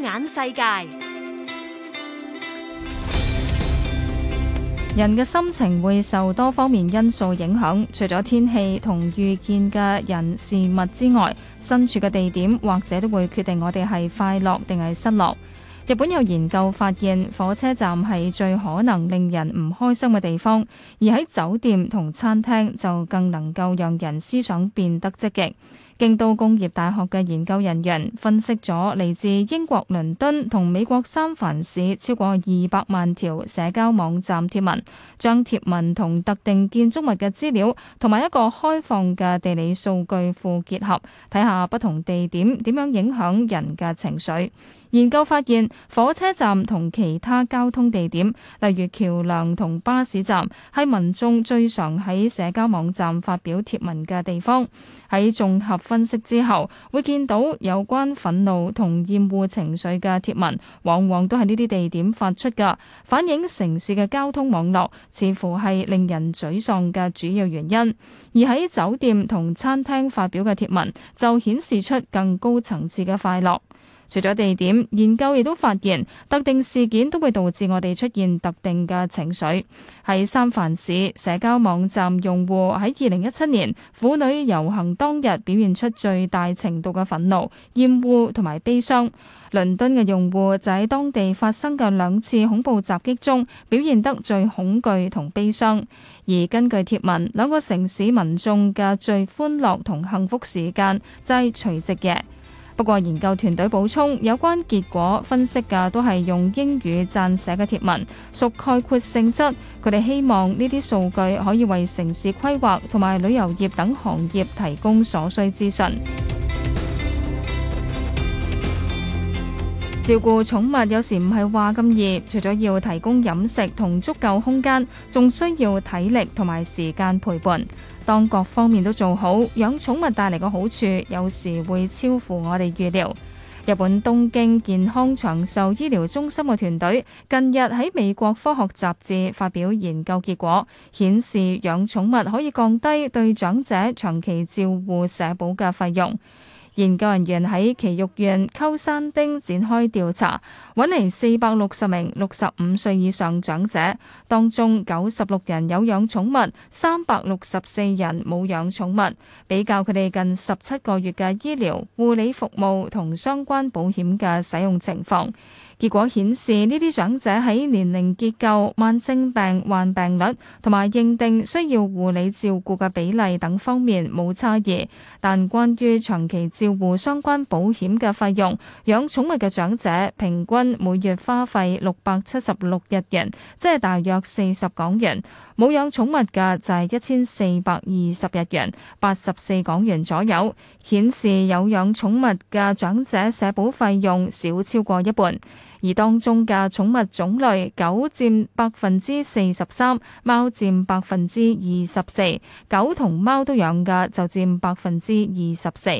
眼世界，人嘅心情會受多方面因素影響，除咗天氣同遇見嘅人事物之外，身處嘅地點或者都會決定我哋係快樂定係失落。日本有研究發現，火車站係最可能令人唔開心嘅地方，而喺酒店同餐廳就更能夠讓人思想變得積極。京都工業大學嘅研究人員分析咗嚟自英國倫敦同美國三藩市超過二百萬條社交網站貼文，將貼文同特定建築物嘅資料，同埋一個開放嘅地理數據庫結合，睇下不同地點點樣影響人嘅情緒。研究發現，火車站同其他交通地點，例如橋梁同巴士站，係民眾最常喺社交網站發表帖文嘅地方。喺綜合分析之後，會見到有關憤怒同厭惡情緒嘅帖文，往往都係呢啲地點發出嘅，反映城市嘅交通網絡似乎係令人沮喪嘅主要原因。而喺酒店同餐廳發表嘅帖文，就顯示出更高層次嘅快樂。除咗地點，研究亦都發現特定事件都會導致我哋出現特定嘅情緒。喺三藩市，社交網站用戶喺二零一七年婦女遊行當日表現出最大程度嘅憤怒、厭惡同埋悲傷。倫敦嘅用戶就喺當地發生嘅兩次恐怖襲擊中表現得最恐懼同悲傷。而根據貼文，兩個城市民眾嘅最歡樂同幸福時間就係除夕夜。不過，研究團隊補充，有關結果分析嘅都係用英語撰寫嘅貼文，屬概括性質。佢哋希望呢啲數據可以為城市規劃同埋旅遊業等行業提供所需資訊。照顧寵物有時唔係話咁易，除咗要提供飲食同足夠空間，仲需要體力同埋時間陪伴。當各方面都做好，養寵物帶嚟嘅好處有時會超乎我哋預料。日本東京健康長壽醫療中心嘅團隊近日喺美國科學雜誌發表研究結果，顯示養寵物可以降低對長者長期照顧社保嘅費用。研究人員喺奇育苑、溝山丁展開調查，揾嚟四百六十名六十五歲以上長者，當中九十六人有養寵物，三百六十四人冇養寵物，比較佢哋近十七個月嘅醫療護理服務同相關保險嘅使用情況。結果顯示，呢啲長者喺年齡結構、慢性病患病率同埋認定需要護理照顧嘅比例等方面冇差異，但關於長期照顧相關保險嘅費用，養寵物嘅長者平均每月花費六百七十六日元，即係大約四十港元；冇養寵物嘅就係一千四百二十日元，八十四港元左右。顯示有養寵物嘅長者社保費用少超過一半，而當中嘅寵物種類，狗佔百分之四十三，貓佔百分之二十四，狗同貓都養嘅就佔百分之二十四。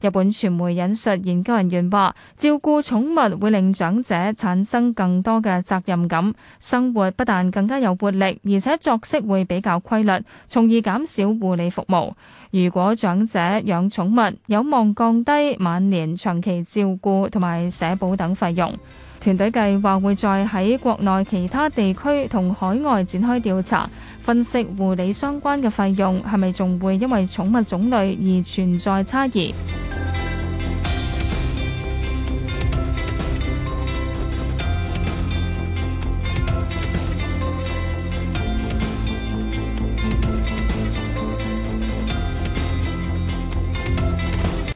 日本傳媒引述研究人員話，照顧寵物會令長者產生更多嘅責任感，生活不但更加有活力，而且作息會比較規律，從而減少護理服務。如果長者養寵物，有望降低晚年長期照顧同埋社保等費用。團隊計劃會再喺國內其他地區同海外展開調查，分析護理相關嘅費用係咪仲會因為寵物種類而存在差異。